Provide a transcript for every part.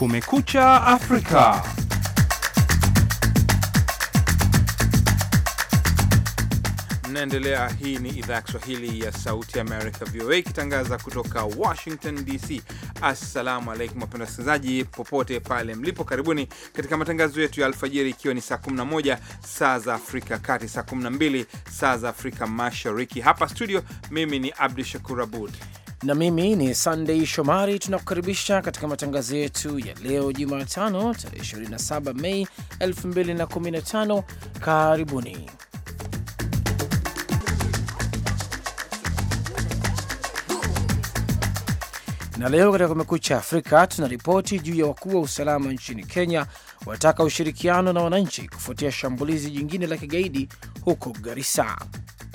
Kumekucha Afrika. naendelea Hii ni idhaa ya Kiswahili ya Sauti Amerika, VOA, ikitangaza kutoka Washington DC. Assalamu alaikum wapenda wasikilizaji popote pale mlipo, karibuni katika matangazo yetu ya alfajiri, ikiwa ni saa 11 saa za Afrika Kati, saa 12 saa za Afrika Mashariki. Hapa studio, mimi ni Abdu Shakur Abud na mimi ni Sandei Shomari. Tunakukaribisha katika matangazo yetu ya leo Jumatano, tarehe 27 Mei 2015. Karibuni na leo katika Kumekucha Afrika tuna ripoti juu ya wakuu wa usalama nchini Kenya wataka ushirikiano na wananchi kufuatia shambulizi jingine la kigaidi huko Garissa.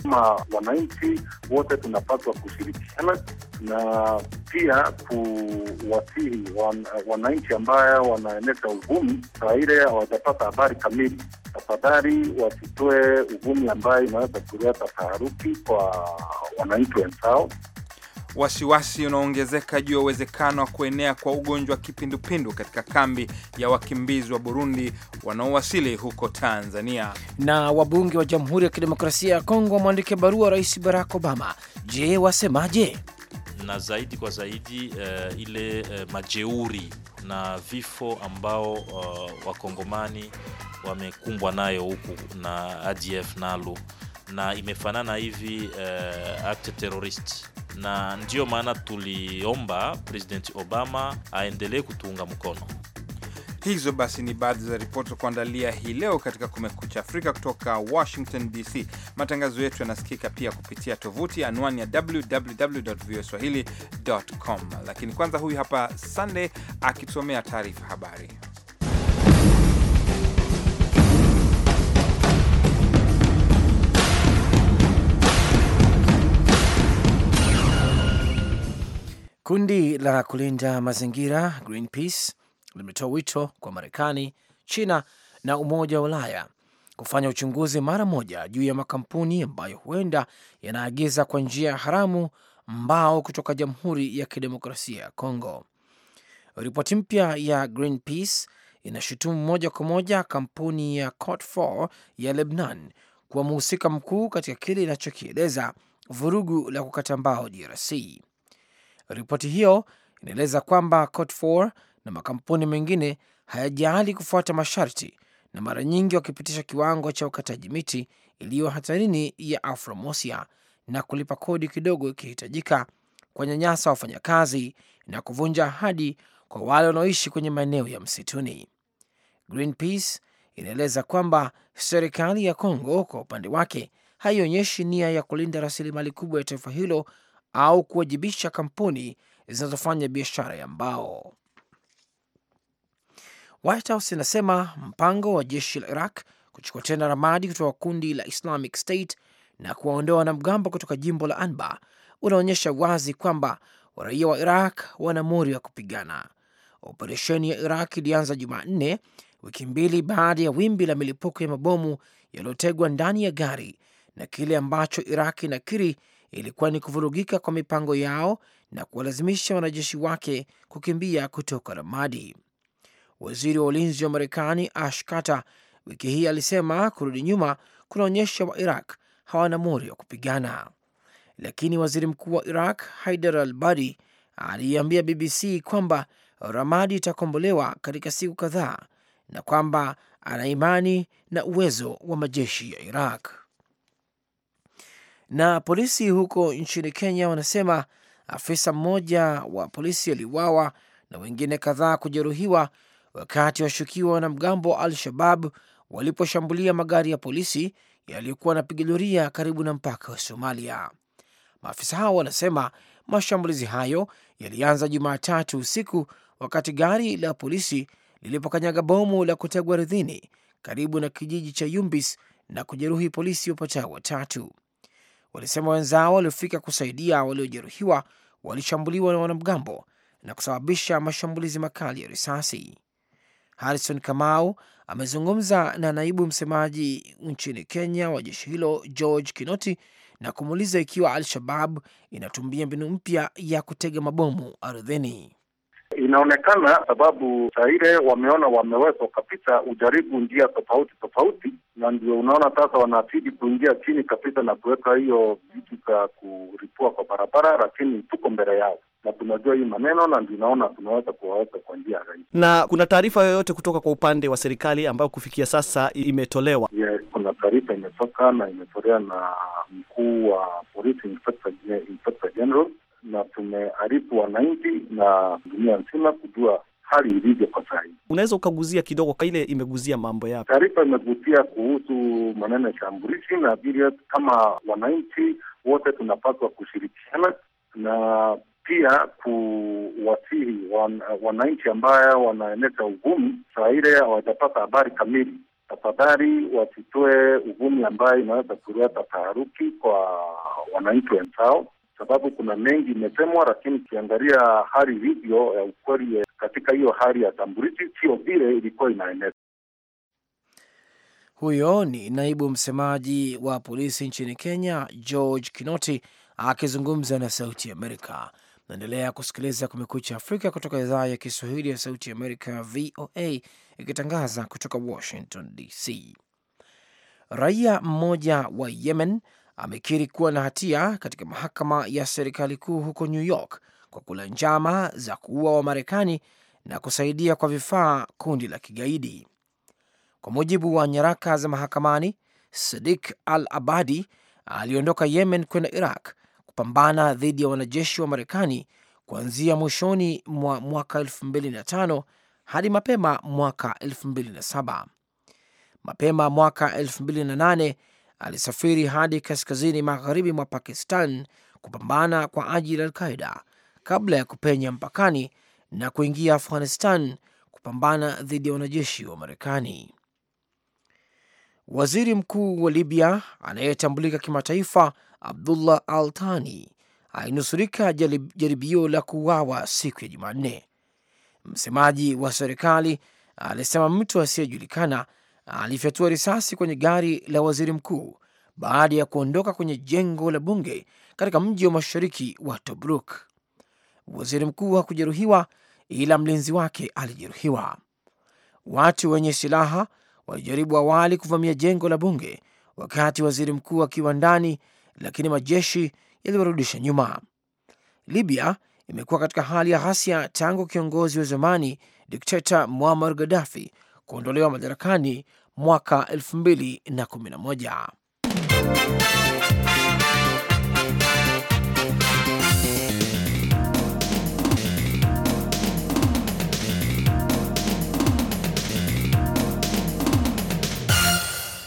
Kama wananchi wote tunapaswa kushirikiana na pia kuwasihi wananchi ambayo wanaeneza uvumi saa ile hawajapata habari kamili. Tafadhali wasitoe uvumi ambayo inaweza kuleta taharuki kwa wananchi wenzao. Wasiwasi unaongezeka juu ya uwezekano wa kuenea kwa ugonjwa wa kipindupindu katika kambi ya wakimbizi wa Burundi wanaowasili huko Tanzania. Na wabunge wa Jamhuri ya Kidemokrasia ya Kongo wamwandikia barua Rais Barack Obama. Je, wasemaje? na zaidi kwa zaidi uh, ile uh, majeuri na vifo ambao uh, wakongomani wamekumbwa nayo huku na ADF Nalu na imefanana hivi uh, act terrorist na ndiyo maana tuliomba President Obama aendelee kutuunga mkono. Hizo basi ni baadhi za ripoti za kuandalia hii leo katika Kumekucha Afrika kutoka Washington DC. Matangazo yetu yanasikika pia kupitia tovuti anwani ya www www.voaswahili.com, lakini kwanza, huyu hapa Sunday akitusomea taarifa habari. Kundi la kulinda mazingira Greenpeace limetoa wito kwa Marekani, China na Umoja wa Ulaya kufanya uchunguzi mara moja juu ya makampuni ambayo huenda yanaagiza kwa njia ya haramu mbao kutoka Jamhuri ya Kidemokrasia ya Kongo. Ripoti mpya ya Greenpeace inashutumu moja kwa moja kampuni ya ct4 ya Lebanon kuwa mhusika mkuu katika kile inachokieleza vurugu la kukata mbao DRC. Ripoti hiyo inaeleza kwamba Cotfor na makampuni mengine hayajali kufuata masharti na mara nyingi wakipitisha kiwango cha ukataji miti iliyo hatarini ya afromosia na kulipa kodi kidogo ikihitajika, kwa nyanyasa wafanyakazi na kuvunja ahadi kwa wale wanaoishi kwenye maeneo ya msituni. Greenpeace inaeleza kwamba serikali ya congo kwa upande wake haionyeshi nia ya kulinda rasilimali kubwa ya taifa hilo au kuwajibisha kampuni zinazofanya biashara ya mbao. White House inasema mpango wa jeshi la Iraq kuchukua tena ramadi kutoka kundi la Islamic State na kuwaondoa wanamgambo kutoka jimbo la Anbar unaonyesha wazi kwamba raia wa Iraq wana mori wa kupigana. Operesheni ya Iraq ilianza Jumanne, wiki mbili baada ya wimbi la milipuko ya mabomu yaliyotegwa ndani ya gari na kile ambacho Iraq inakiri ilikuwa ni kuvurugika kwa mipango yao na kuwalazimisha wanajeshi wake kukimbia kutoka Ramadi. Waziri wa ulinzi wa Marekani Ash Carter wiki hii alisema kurudi nyuma kunaonyesha wa Iraq hawana mori wa kupigana, lakini waziri mkuu wa Iraq Haidar al-Badi aliiambia BBC kwamba Ramadi itakombolewa katika siku kadhaa na kwamba ana imani na uwezo wa majeshi ya Iraq. Na polisi huko nchini Kenya wanasema afisa mmoja wa polisi aliuawa na wengine kadhaa kujeruhiwa wakati washukiwa wanamgambo wa Al-Shabab waliposhambulia magari ya polisi yaliyokuwa yanapiga doria karibu na mpaka wa Somalia. Maafisa hao wanasema mashambulizi hayo yalianza Jumatatu usiku wakati gari la polisi lilipokanyaga bomu la kutegwa ardhini karibu na kijiji cha Yumbis na kujeruhi polisi wapatao watatu walisema wenzao waliofika kusaidia waliojeruhiwa walishambuliwa na wanamgambo na kusababisha mashambulizi makali ya risasi. Harrison Kamau amezungumza na naibu msemaji nchini Kenya wa jeshi hilo George Kinoti na kumuuliza ikiwa Al-Shabab inatumia mbinu mpya ya kutega mabomu ardhini. Inaonekana sababu saa wameona wamewezwa kabisa ujaribu njia tofauti tofauti, na ndio unaona sasa wanazidi kuingia chini kabisa na kuweka hiyo vitu za kuripua kwa barabara, lakini tuko mbele yao na tunajua hii maneno na ndio naona tunaweza kuwaweka kwa njia rahisi. Na kuna taarifa yoyote kutoka kwa upande wa serikali ambayo kufikia sasa imetolewa? Yes, kuna taarifa imetoka na imetolewa na mkuu wa polisi tumearifu wananchi na dunia nzima kujua hali ilivyo kwa sahi. Unaweza ukaguzia kidogo ile imeguzia mambo yapi? Taarifa imegusia kuhusu maneno ya shambulizi na vile, kama wananchi wote tunapaswa kushirikiana na pia kuwasihi wananchi ambayo wanaeneza uvumi saa ile hawajapata habari kamili. Tafadhali wasitoe uvumi ambayo inaweza kuleta taharuki kwa wananchi wenzao, sababu kuna mengi imesemwa, lakini ukiangalia hali hivyo ya eh, ukweli eh, katika hiyo hali ya tamburiti sio vile ilikuwa inaenezwa. Huyo ni naibu msemaji wa polisi nchini Kenya, George Kinoti akizungumza na Sauti Amerika. Naendelea kusikiliza Kumekucha Afrika kutoka idhaa ya Kiswahili ya Sauti Amerika, VOA, ikitangaza kutoka Washington DC. Raia mmoja wa Yemen amekiri kuwa na hatia katika mahakama ya serikali kuu huko New York kwa kula njama za kuua Wamarekani na kusaidia kwa vifaa kundi la kigaidi. Kwa mujibu wa nyaraka za mahakamani, Sadik Al Abadi aliondoka Yemen kwenda Iraq kupambana dhidi ya wanajeshi wa Marekani kuanzia mwishoni mwa mwaka 2005 hadi mapema mwaka 2007. Mapema mwaka 2008 alisafiri hadi kaskazini magharibi mwa Pakistan kupambana kwa ajili ya Alqaida kabla ya kupenya mpakani na kuingia Afghanistan kupambana dhidi ya wanajeshi wa Marekani. Waziri mkuu wa Libya anayetambulika kimataifa Abdullah Al Thani alinusurika jaribio la kuuawa siku ya Jumanne. Msemaji wa serikali alisema mtu asiyejulikana alifyatua risasi kwenye gari la waziri mkuu baada ya kuondoka kwenye jengo la bunge katika mji wa mashariki wa Tobruk. Waziri mkuu hakujeruhiwa ila mlinzi wake alijeruhiwa. Watu wenye silaha walijaribu awali kuvamia jengo la bunge wakati waziri mkuu akiwa ndani, lakini majeshi yaliwarudisha nyuma. Libya imekuwa katika hali ya ghasia tangu kiongozi wa zamani dikteta Muammar Gaddafi kuondolewa madarakani mwaka 2011.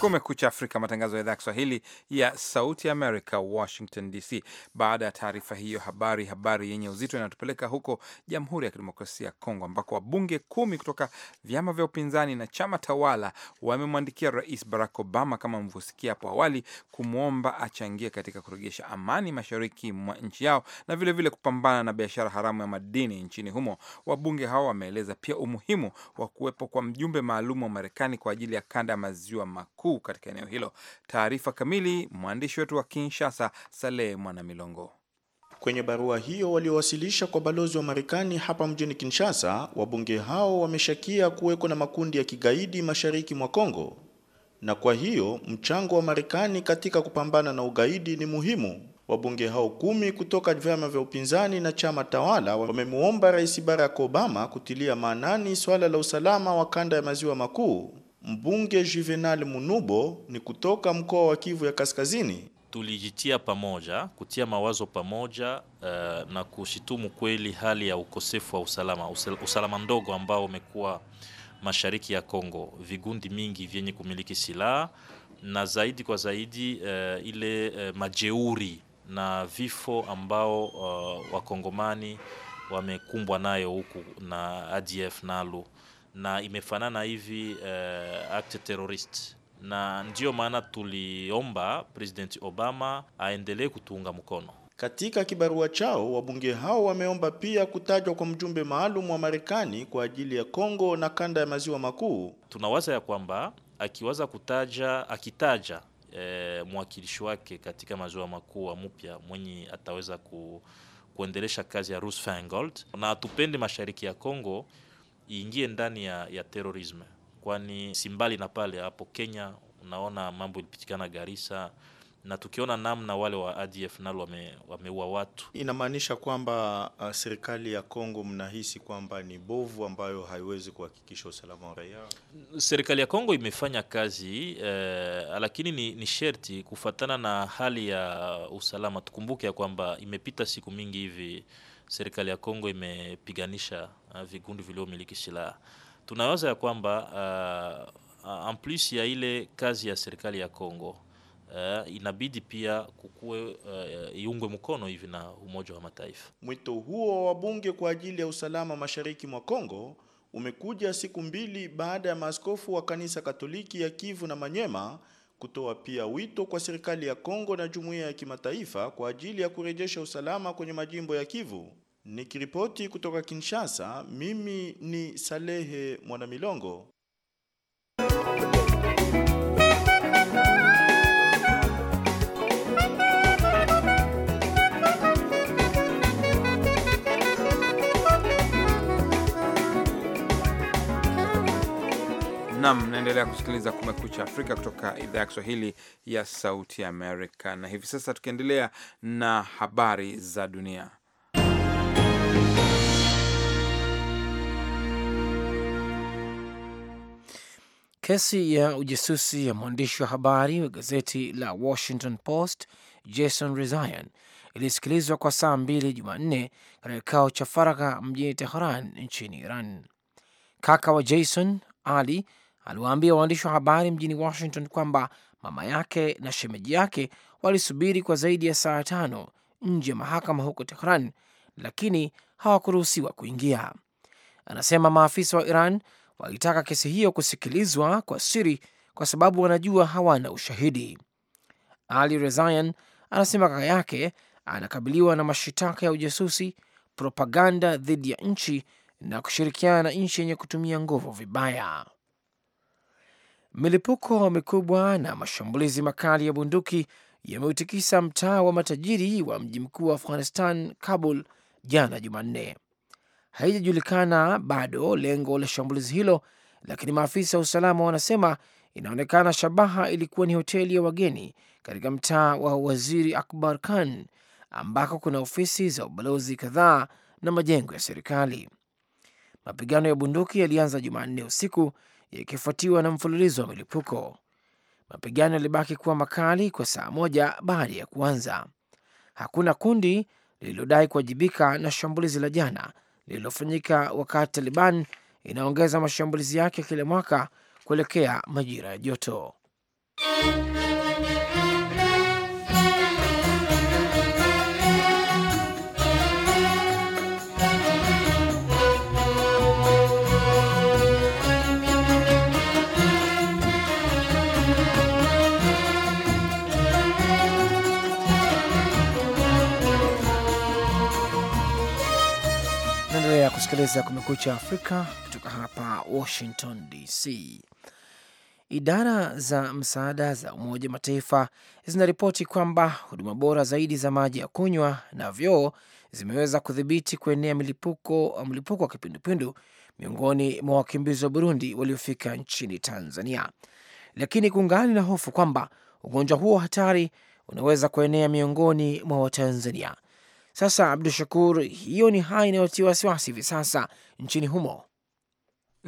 Kumekucha Afrika, matangazo ya idhaa ya Kiswahili ya Sauti ya Amerika, Washington DC. Baada ya taarifa hiyo habari, habari yenye uzito inatupeleka huko Jamhuri ya Kidemokrasia ya Kongo, ambako wabunge kumi kutoka vyama vya upinzani na chama tawala wamemwandikia Rais Barack Obama, kama mlivyosikia hapo awali, kumwomba achangie katika kurejesha amani mashariki mwa nchi yao na vilevile vile kupambana na biashara haramu ya madini nchini humo. Wabunge hao wameeleza pia umuhimu wa kuwepo kwa mjumbe maalum wa Marekani kwa ajili ya kanda ya maziwa makuu kuu katika eneo hilo. Taarifa kamili, mwandishi wetu wa Kinshasa, Saleh Mwanamilongo. Kwenye barua hiyo waliowasilisha kwa balozi wa Marekani hapa mjini Kinshasa, wabunge hao wameshakia kuweko na makundi ya kigaidi mashariki mwa Kongo, na kwa hiyo mchango wa Marekani katika kupambana na ugaidi ni muhimu. Wabunge hao kumi kutoka vyama vya upinzani na chama tawala wamemwomba Rais Barack Obama kutilia maanani swala la usalama wa kanda ya maziwa makuu Mbunge Juvenal Munubo ni kutoka mkoa wa Kivu ya Kaskazini. Tulijitia pamoja kutia mawazo pamoja, uh, na kushitumu kweli hali ya ukosefu wa usalama, usalama ndogo ambao umekuwa mashariki ya Kongo, vigundi mingi vyenye kumiliki silaha na zaidi kwa zaidi uh, ile uh, majeuri na vifo ambao uh, wakongomani wamekumbwa nayo huku na ADF NALU na imefanana hivi uh, act terrorist na ndiyo maana tuliomba President Obama aendelee kutuunga mkono. Katika kibarua chao wabunge hao wameomba pia kutajwa kwa mjumbe maalum wa Marekani kwa ajili ya Kongo na kanda ya maziwa makuu. Tunawaza ya kwamba akiwaza kutaja akitaja e, mwakilishi wake katika maziwa makuu wa mpya mwenye ataweza ku, kuendelesha kazi ya Ruth Feingold na atupende mashariki ya Kongo iingie ndani ya, ya terorisme, kwani si mbali na pale hapo Kenya unaona mambo ilipitikana garisa na tukiona namna wale wa ADF nalo wame, wameua watu, inamaanisha kwamba uh, serikali ya Kongo mnahisi kwamba ni bovu ambayo haiwezi kuhakikisha usalama wa raia. Serikali ya Kongo imefanya kazi eh, lakini ni, ni sherti kufatana na hali ya uh, usalama. Tukumbuke ya kwamba imepita siku mingi hivi serikali ya Kongo imepiganisha uh, vikundi vilivyomiliki silaha. Tunawaza ya kwamba uh, plus ya ile kazi ya serikali ya Kongo Uh, inabidi pia kukue uh, iungwe mkono hivi na Umoja wa Mataifa. Mwito huo wa bunge kwa ajili ya usalama mashariki mwa Kongo umekuja siku mbili baada ya maaskofu wa kanisa Katoliki ya Kivu na Manyema kutoa pia wito kwa serikali ya Kongo na jumuiya ya kimataifa kwa ajili ya kurejesha usalama kwenye majimbo ya Kivu. Nikiripoti kutoka Kinshasa, mimi ni Salehe Mwanamilongo. Unaendelea kusikiliza Kumekucha Afrika kutoka idhaa ya Kiswahili ya Sauti Amerika, na hivi sasa tukiendelea na habari za dunia. Kesi ya ujasusi ya mwandishi wa habari wa gazeti la Washington Post Jason Rezaian ilisikilizwa kwa saa mbili Jumanne katika kikao cha faragha mjini teheran nchini Iran. Kaka wa Jason Ali aliwaambia waandishi wa habari mjini Washington kwamba mama yake na shemeji yake walisubiri kwa zaidi ya saa tano nje ya mahakama huko Tehran, lakini hawakuruhusiwa kuingia. Anasema maafisa wa Iran walitaka kesi hiyo kusikilizwa kwa siri kwa sababu wanajua hawana ushahidi. Ali Rezayan anasema kaka yake anakabiliwa na mashitaka ya ujasusi, propaganda dhidi ya nchi na kushirikiana na nchi yenye kutumia nguvu vibaya. Milipuko mikubwa na mashambulizi makali ya bunduki yameutikisa mtaa wa matajiri wa mji mkuu wa Afghanistan, Kabul, jana Jumanne. Haijajulikana bado lengo la shambulizi hilo, lakini maafisa wa usalama wanasema inaonekana shabaha ilikuwa ni hoteli ya wageni katika mtaa wa Waziri Akbar Khan ambako kuna ofisi za ubalozi kadhaa na majengo ya serikali. Mapigano ya bunduki yalianza Jumanne usiku yakifuatiwa na mfululizo wa milipuko. Mapigano yalibaki kuwa makali kwa saa moja baada ya kuanza. Hakuna kundi lililodai kuwajibika na shambulizi la jana lililofanyika wakati Taliban inaongeza mashambulizi yake kila mwaka kuelekea majira ya joto. Naendelea kusikiliza Kumekucha Afrika kutoka hapa Washington DC. Idara za msaada za Umoja Mataifa zinaripoti kwamba huduma bora zaidi za maji ya kunywa na vyoo zimeweza kudhibiti kuenea mlipuko mlipuko wa kipindupindu miongoni mwa wakimbizi wa Burundi waliofika nchini Tanzania, lakini kungali na hofu kwamba ugonjwa huo hatari unaweza kuenea miongoni mwa Watanzania sasa Abdu Shakur, hiyo ni hali inayotia wasiwasi hivi sasa nchini humo,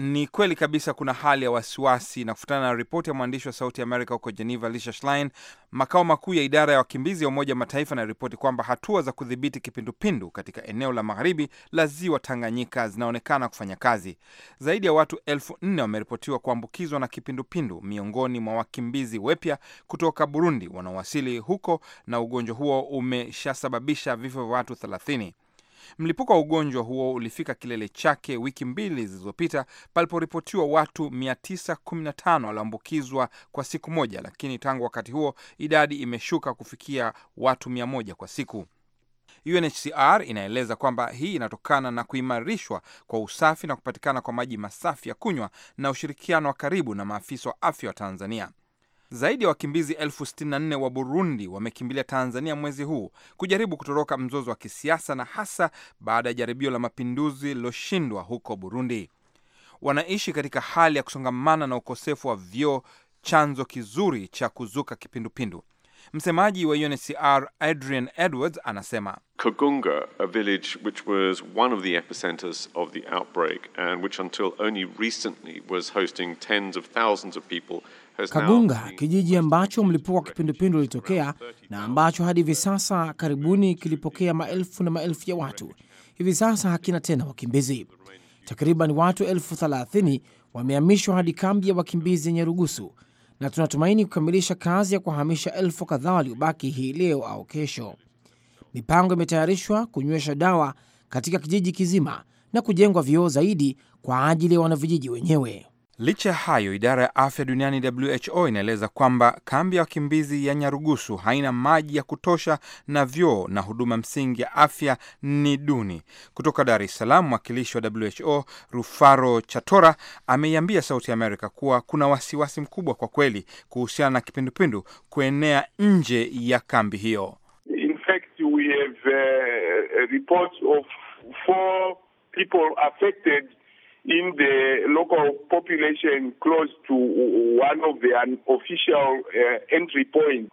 ni kweli kabisa kuna hali ya wasiwasi, na kufutana na ripoti ya mwandishi wa Sauti ya Amerika huko Geneva, Lisha Schlein, makao makuu ya idara ya wakimbizi ya Umoja Mataifa inaripoti kwamba hatua za kudhibiti kipindupindu katika eneo la magharibi la ziwa Tanganyika zinaonekana kufanya kazi. Zaidi ya watu elfu nne wameripotiwa kuambukizwa na kipindupindu miongoni mwa wakimbizi wepya kutoka Burundi wanaowasili huko, na ugonjwa huo umeshasababisha vifo vya watu 30. Mlipuko wa ugonjwa huo ulifika kilele chake wiki mbili zilizopita paliporipotiwa watu 915 walioambukizwa kwa siku moja, lakini tangu wakati huo idadi imeshuka kufikia watu 100 kwa siku. UNHCR inaeleza kwamba hii inatokana na kuimarishwa kwa usafi na kupatikana kwa maji masafi ya kunywa na ushirikiano wa karibu na maafisa wa afya wa Tanzania. Zaidi ya wakimbizi elfu sitini nne wa Burundi wamekimbilia Tanzania mwezi huu kujaribu kutoroka mzozo wa kisiasa na hasa baada ya jaribio la mapinduzi lililoshindwa huko Burundi. Wanaishi katika hali ya kusongamana na ukosefu wa vyoo, chanzo kizuri cha kuzuka kipindupindu. Msemaji wa UNHCR Adrian Edwards anasema Kagunga, a village which was one of the epicenters of the outbreak and which until only recently was hosting tens of thousands of people Kagunga, kijiji ambacho mlipuko wa kipindupindu ulitokea na ambacho hadi hivi sasa karibuni kilipokea maelfu na maelfu ya watu, hivi sasa hakina tena wakimbizi. Takriban watu elfu thelathini wamehamishwa hadi kambi ya wakimbizi yenye Rugusu, na tunatumaini kukamilisha kazi ya kuwahamisha elfu kadhaa waliobaki hii leo au kesho. Mipango imetayarishwa kunywesha dawa katika kijiji kizima na kujengwa vioo zaidi kwa ajili ya wanavijiji wenyewe. Licha ya hayo, idara ya afya duniani WHO inaeleza kwamba kambi ya wakimbizi ya Nyarugusu haina maji ya kutosha na vyoo na huduma msingi ya afya ni duni. Kutoka Dar es Salaam, mwakilishi wa WHO Rufaro Chatora ameiambia Sauti ya Amerika kuwa kuna wasiwasi mkubwa kwa kweli kuhusiana na kipindupindu kuenea nje ya kambi hiyo. In fact, we have, uh, of four people affected in the local population close to one of the official uh, entry points.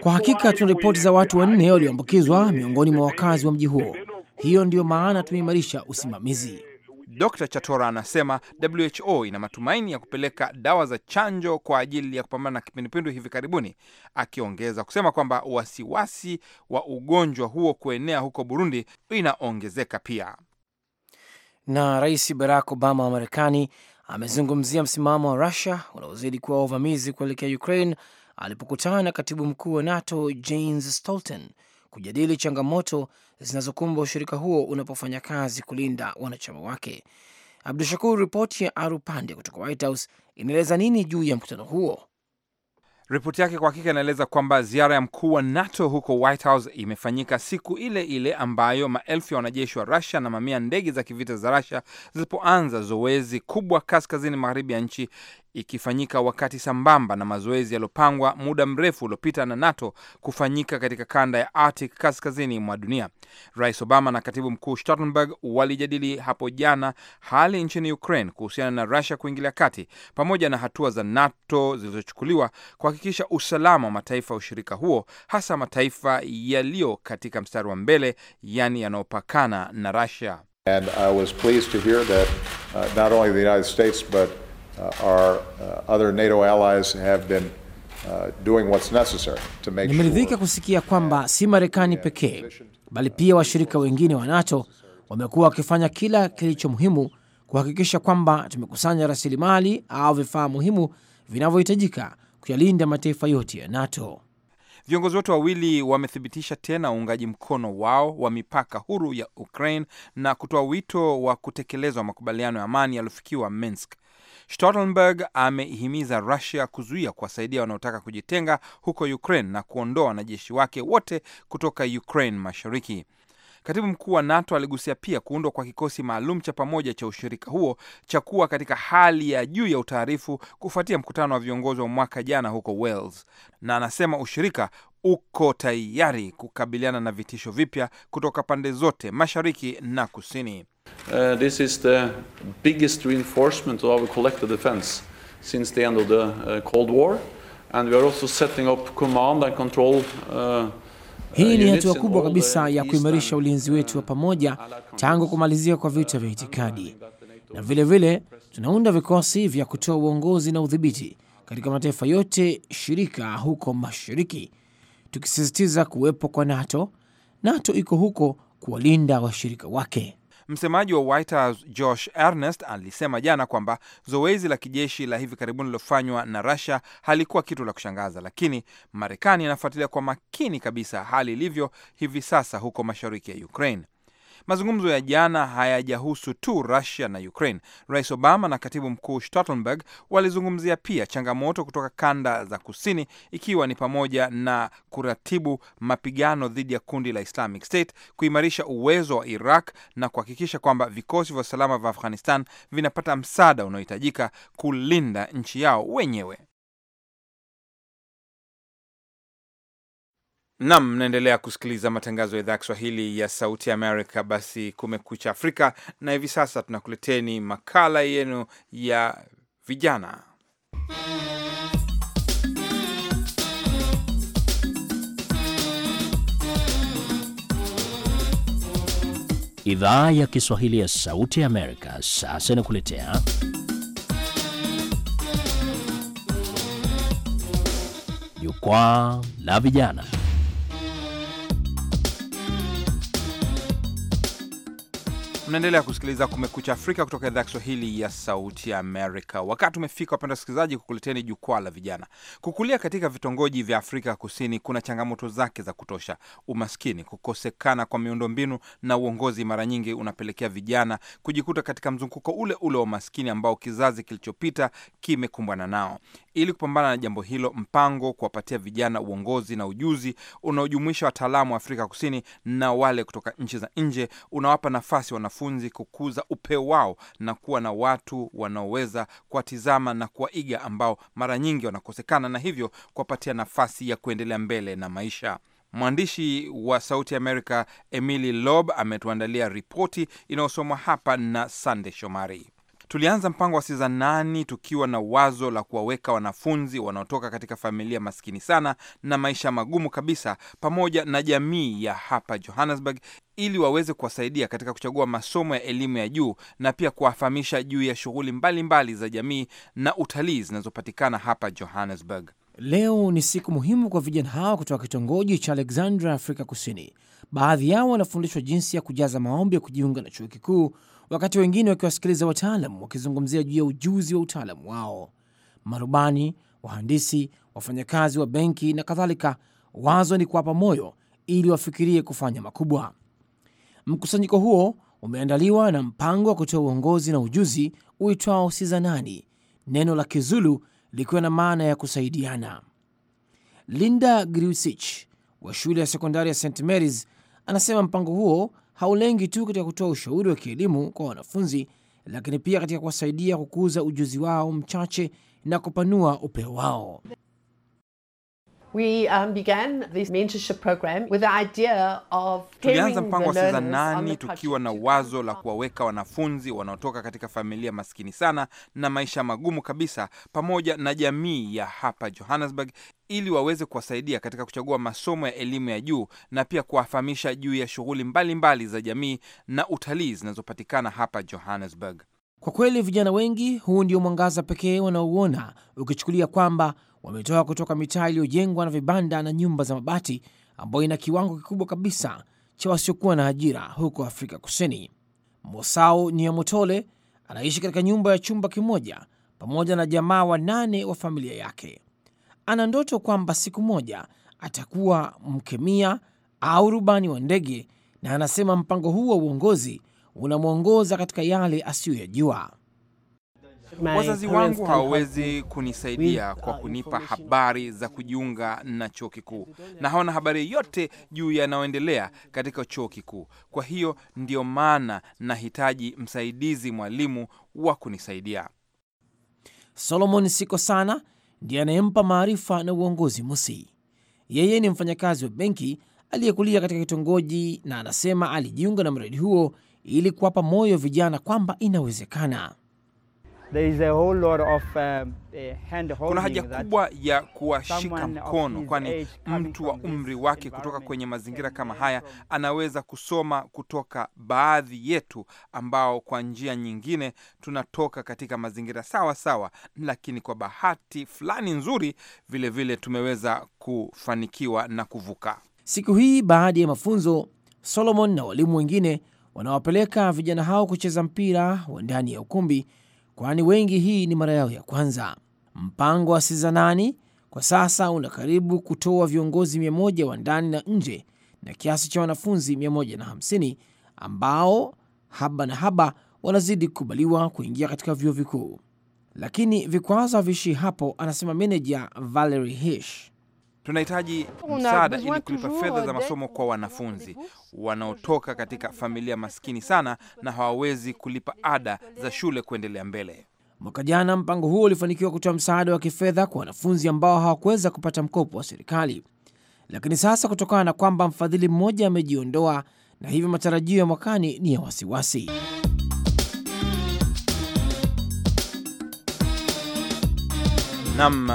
Kwa hakika tuna ripoti za watu wanne walioambukizwa miongoni mwa wakazi wa mji huo. Hiyo ndiyo maana tumeimarisha usimamizi. Dr. Chatora anasema WHO ina matumaini ya kupeleka dawa za chanjo kwa ajili ya kupambana na kipindupindu hivi karibuni, akiongeza kusema kwamba wasiwasi wa ugonjwa huo kuenea huko Burundi inaongezeka pia na Rais Barack Obama wa Marekani amezungumzia msimamo wa Rusia unaozidi kuwa uvamizi kuelekea Ukraine alipokutana na katibu mkuu wa NATO James stolton kujadili changamoto zinazokumba ushirika huo unapofanya kazi kulinda wanachama wake. Abdu Shakur, ripoti ya Arupande kutoka White House inaeleza nini juu ya mkutano huo? Ripoti yake kwa hakika inaeleza kwamba ziara ya mkuu wa NATO huko White House imefanyika siku ile ile ambayo maelfu ya wanajeshi wa Rusia na mamia ndege za kivita za rasia zilipoanza zoezi kubwa kaskazini magharibi ya nchi ikifanyika wakati sambamba na mazoezi yaliyopangwa muda mrefu uliopita na NATO kufanyika katika kanda ya Arctic kaskazini mwa dunia. Rais Obama na katibu mkuu Stoltenberg walijadili hapo jana hali nchini Ukraine kuhusiana na Russia kuingilia kati pamoja na hatua za NATO zilizochukuliwa kuhakikisha usalama wa mataifa ya ushirika huo, hasa mataifa yaliyo katika mstari wa mbele, yani yanayopakana na Russia. And I was pleased to hear that, uh, not only the United States, but Uh, our uh, other NATO allies have been uh, doing what's necessary to make sure. Nimeridhika kusikia kwamba si Marekani pekee bali pia washirika wengine wa NATO wamekuwa wakifanya kila kilicho muhimu kuhakikisha kwamba tumekusanya rasilimali au vifaa muhimu vinavyohitajika kuyalinda mataifa yote ya NATO. Viongozi wote wawili wamethibitisha tena uungaji mkono wao wa mipaka huru ya Ukraine na kutoa wito wa kutekelezwa makubaliano ya amani yaliyofikiwa Minsk. Stoltenberg ameihimiza Rusia kuzuia kuwasaidia wanaotaka kujitenga huko Ukraine na kuondoa wanajeshi wake wote kutoka Ukraine mashariki. Katibu mkuu wa NATO aligusia pia kuundwa kwa kikosi maalum cha pamoja cha ushirika huo cha kuwa katika hali ya juu ya utaarifu kufuatia mkutano wa viongozi wa mwaka jana huko Wales, na anasema ushirika uko tayari kukabiliana na vitisho vipya kutoka pande zote, mashariki na kusini. Uh, this is the biggest reinforcement of our collective defense since the end of the uh, Cold War. And we are also setting up command and control uh, hii ni hatua kubwa kabisa ya kuimarisha ulinzi wetu wa pamoja tangu kumalizika kwa vita vya itikadi, na vile vile, tunaunda vikosi vya kutoa uongozi na udhibiti katika mataifa yote shirika huko mashariki, tukisisitiza kuwepo kwa NATO. NATO iko huko kuwalinda washirika wake. Msemaji wa White House Josh Earnest alisema jana kwamba zoezi la kijeshi la hivi karibuni lilofanywa na Russia halikuwa kitu la kushangaza, lakini Marekani inafuatilia kwa makini kabisa hali ilivyo hivi sasa huko mashariki ya Ukraine. Mazungumzo ya jana hayajahusu tu Russia na Ukraine. Rais Obama na katibu mkuu Stoltenberg walizungumzia pia changamoto kutoka kanda za kusini, ikiwa ni pamoja na kuratibu mapigano dhidi ya kundi la Islamic State, kuimarisha uwezo wa Iraq na kuhakikisha kwamba vikosi vya usalama vya Afghanistan vinapata msaada unaohitajika kulinda nchi yao wenyewe. Nam, mnaendelea kusikiliza matangazo ya idhaa ya Kiswahili ya Sauti Amerika. Basi Kumekucha Afrika, na hivi sasa tunakuleteni makala yenu ya vijana. Idhaa ya Kiswahili ya Sauti Amerika sasa inakuletea jukwaa la vijana. Mnaendelea kusikiliza Kumekucha Afrika kutoka idhaa ya Kiswahili ya Sauti Amerika. Wakati umefika, wapenda wasikilizaji, kukuleteni jukwaa la vijana. Kukulia katika vitongoji vya Afrika Kusini kuna changamoto zake za kutosha. Umaskini, kukosekana kwa miundombinu na uongozi mara nyingi unapelekea vijana kujikuta katika mzunguko ule ule wa umaskini ambao kizazi kilichopita kimekumbana nao. Ili kupambana na jambo hilo, mpango kuwapatia vijana uongozi na ujuzi unaojumuisha wataalamu wa Afrika Kusini na wale kutoka nchi za nje unawapa nafasi wana wanafunzi kukuza upeo wao na kuwa na watu wanaoweza kuwatizama na kuwaiga, ambao mara nyingi wanakosekana, na hivyo kuwapatia nafasi ya kuendelea mbele na maisha. Mwandishi wa Sauti ya Amerika Emily Lob ametuandalia ripoti inayosomwa hapa na Sande Shomari. Tulianza mpango wa Siza Nani tukiwa na wazo la kuwaweka wanafunzi wanaotoka katika familia maskini sana na maisha magumu kabisa, pamoja na jamii ya hapa Johannesburg, ili waweze kuwasaidia katika kuchagua masomo ya elimu ya juu na pia kuwafahamisha juu ya shughuli mbalimbali za jamii na utalii zinazopatikana hapa Johannesburg. Leo ni siku muhimu kwa vijana hawa kutoka kitongoji cha Alexandra, Afrika Kusini. Baadhi yao wanafundishwa jinsi ya kujaza maombi ya kujiunga na chuo kikuu wakati wengine wakiwasikiliza wataalam wakizungumzia juu ya ujuzi wa utaalamu wao. Marubani, wahandisi, wafanyakazi wa benki na kadhalika. Wazo ni kuwapa moyo ili wafikirie kufanya makubwa. Mkusanyiko huo umeandaliwa na mpango wa kutoa uongozi na ujuzi uitwao Sizanani, neno la Kizulu likiwa na maana ya kusaidiana. Linda grisich wa shule ya sekondari ya St Marys anasema mpango huo haulengi tu katika kutoa ushauri wa kielimu kwa wanafunzi, lakini pia katika kuwasaidia kukuza ujuzi wao mchache na kupanua upeo wao. We um, began this mentorship program with the idea of tulianza mpango wa Cheza Nani tukiwa na wazo la kuwaweka wanafunzi wanaotoka katika familia maskini sana na maisha magumu kabisa pamoja na jamii ya hapa Johannesburg ili waweze kuwasaidia katika kuchagua masomo ya elimu ya juu na pia kuwafahamisha juu ya shughuli mbalimbali za jamii na utalii zinazopatikana hapa Johannesburg. Kwa kweli vijana wengi, huu ndio mwangaza pekee wanaouona, ukichukulia kwamba wametoka kutoka mitaa iliyojengwa na vibanda na nyumba za mabati ambayo ina kiwango kikubwa kabisa cha wasiokuwa na ajira huko Afrika Kusini. Mosau Niamotole anaishi katika nyumba ya chumba kimoja pamoja na jamaa wanane wa familia yake. Ana ndoto kwamba siku moja atakuwa mkemia au rubani wa ndege, na anasema mpango huu wa uongozi unamwongoza katika yale asiyoyajua. Wazazi wangu hawawezi kunisaidia kwa uh, kunipa habari za kujiunga na chuo kikuu, na hawana habari yote juu yanayoendelea katika chuo kikuu. Kwa hiyo ndiyo maana nahitaji msaidizi mwalimu wa kunisaidia. Solomon Siko sana ndiye anayempa maarifa na uongozi Musi. Yeye ni mfanyakazi wa benki aliyekulia katika kitongoji, na anasema alijiunga na mradi huo ili kuwapa moyo vijana kwamba inawezekana. Uh, uh, kuna haja kubwa ya kuwashika mkono, kwani mtu wa umri wake kutoka kwenye mazingira kama haya anaweza kusoma kutoka baadhi yetu ambao kwa njia nyingine tunatoka katika mazingira sawa sawa, lakini kwa bahati fulani nzuri vilevile vile tumeweza kufanikiwa na kuvuka. Siku hii baada ya mafunzo, Solomon na walimu wengine wanawapeleka vijana hao kucheza mpira wa ndani ya ukumbi kwani wengi hii ni mara yao ya kwanza. Mpango wa Sizanani kwa sasa una karibu kutoa viongozi mia moja wa ndani na nje na kiasi cha wanafunzi 150 ambao haba na haba wanazidi kukubaliwa kuingia katika vyuo vikuu, lakini vikwazo havishii hapo, anasema meneja Valerie Hish. Tunahitaji msaada ili kulipa fedha za masomo kwa wanafunzi wanaotoka katika familia maskini sana na hawawezi kulipa ada za shule kuendelea mbele. Mwaka jana mpango huo ulifanikiwa kutoa msaada wa kifedha kwa wanafunzi ambao hawakuweza kupata mkopo wa serikali, lakini sasa kutokana na kwamba mfadhili mmoja amejiondoa, na hivyo matarajio ya mwakani ni ya wasiwasi. Nam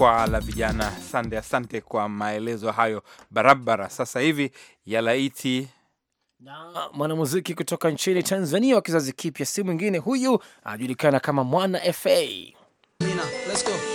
jukwaa la vijana. Sande, asante kwa maelezo hayo barabara. Sasa hivi yalaiti na mwanamuziki kutoka nchini Tanzania wa kizazi kipya, si mwingine huyu anajulikana kama Mwana FA Mina, let's go.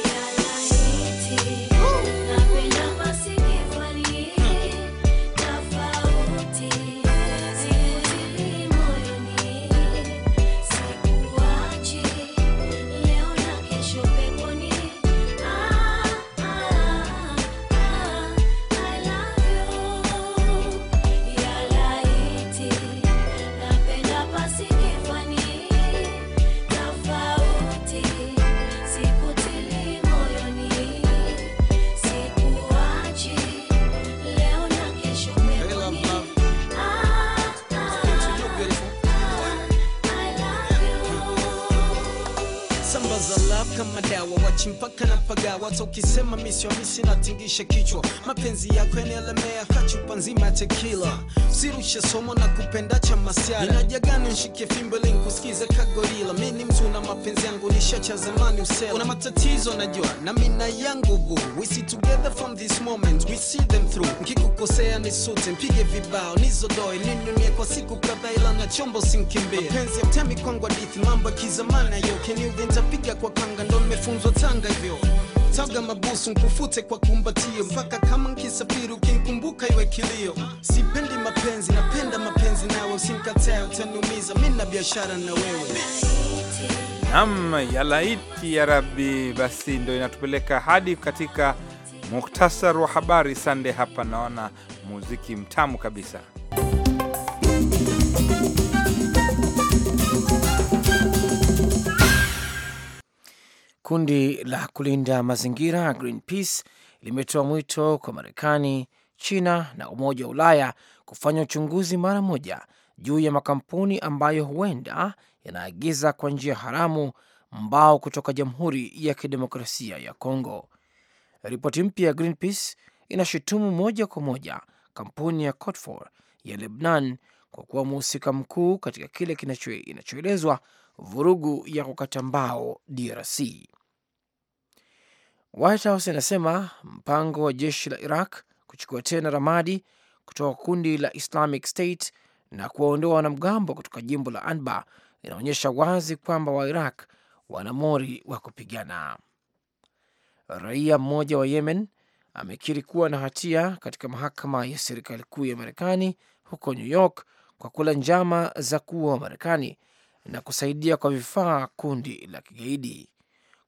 now uachi mpaka napaga pagawa hata ukisema misi natingisha kichwa mapenzi yako yanielemea kachupa nzima tekila usirushe somo na kupenda cha masiara inajagani nshike fimbo linkusikiza kagorila mi ni mtu na mapenzi yangu nisha cha zamani usela una matatizo najua na mina yangu boo we see together from this moment we see them through nkikukosea nisute mpige vibao nizodoe ninunie kwa siku kadhaa ila na chombo sinkimbia mapenzi ya mtemi kwangu hadithi mambo ya kizamani ayoke niudhi ntapiga kwa kanga ndo nimefunzwa changa hivyo taga mabusu nkufute kwa kumbatio mpaka kama nkisafiri ukinkumbuka iwe kilio sipendi mapenzi napenda mapenzi nawe usinkataa utaniumiza mi na biashara na wewe nam ya laiti ya rabi basi ndo inatupeleka hadi katika muktasar wa habari sande hapa naona muziki mtamu kabisa Kundi la kulinda mazingira Greenpeace limetoa mwito kwa Marekani, China na Umoja wa Ulaya kufanya uchunguzi mara moja juu ya makampuni ambayo huenda yanaagiza kwa njia haramu mbao kutoka Jamhuri ya Kidemokrasia ya Kongo. Ripoti mpya ya Greenpeace inashutumu moja kwa moja kampuni ya Cotfor ya Lebanon kwa kuwa mhusika mkuu katika kile kinachoelezwa vurugu ya kukata mbao DRC. White House inasema mpango wa jeshi la Iraq kuchukua tena Ramadi kutoka kundi la Islamic State na kuwaondoa wanamgambo kutoka jimbo la Anbar inaonyesha wazi kwamba Wairaq wana mori wa kupigana. Raia mmoja wa Yemen amekiri kuwa na hatia katika mahakama ya serikali kuu ya Marekani huko New York kwa kula njama za kuua marekani na kusaidia kwa vifaa kundi la kigaidi.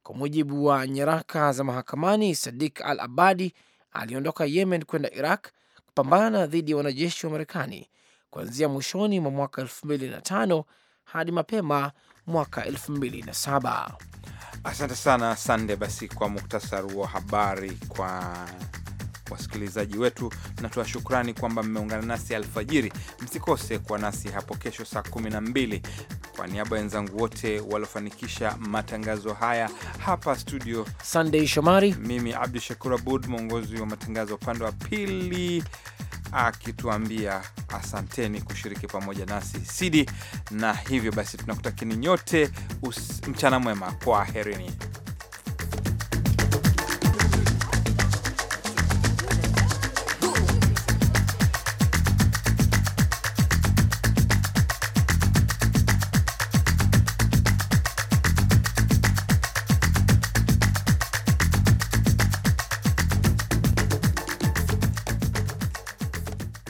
Kwa mujibu wa nyaraka za mahakamani, Sadik Al Abadi aliondoka Yemen kwenda Iraq kupambana dhidi ya wanajeshi wa Marekani kuanzia mwishoni mwa mwaka 2005 hadi mapema mwaka 2007. Asante sana Sande. Basi kwa muktasari wa habari kwa wasikilizaji wetu, natoa shukrani kwamba mmeungana nasi alfajiri. Msikose kuwa nasi hapo kesho saa kumi na mbili Kwa niaba ya wenzangu wote waliofanikisha matangazo haya hapa studio, Sunday Shomari, mimi Abdu Shakur Abud, mwongozi wa matangazo upande wa pili akituambia asanteni kushiriki pamoja nasi Sidi, na hivyo basi tunakutakieni nyote mchana mwema, kwa aherini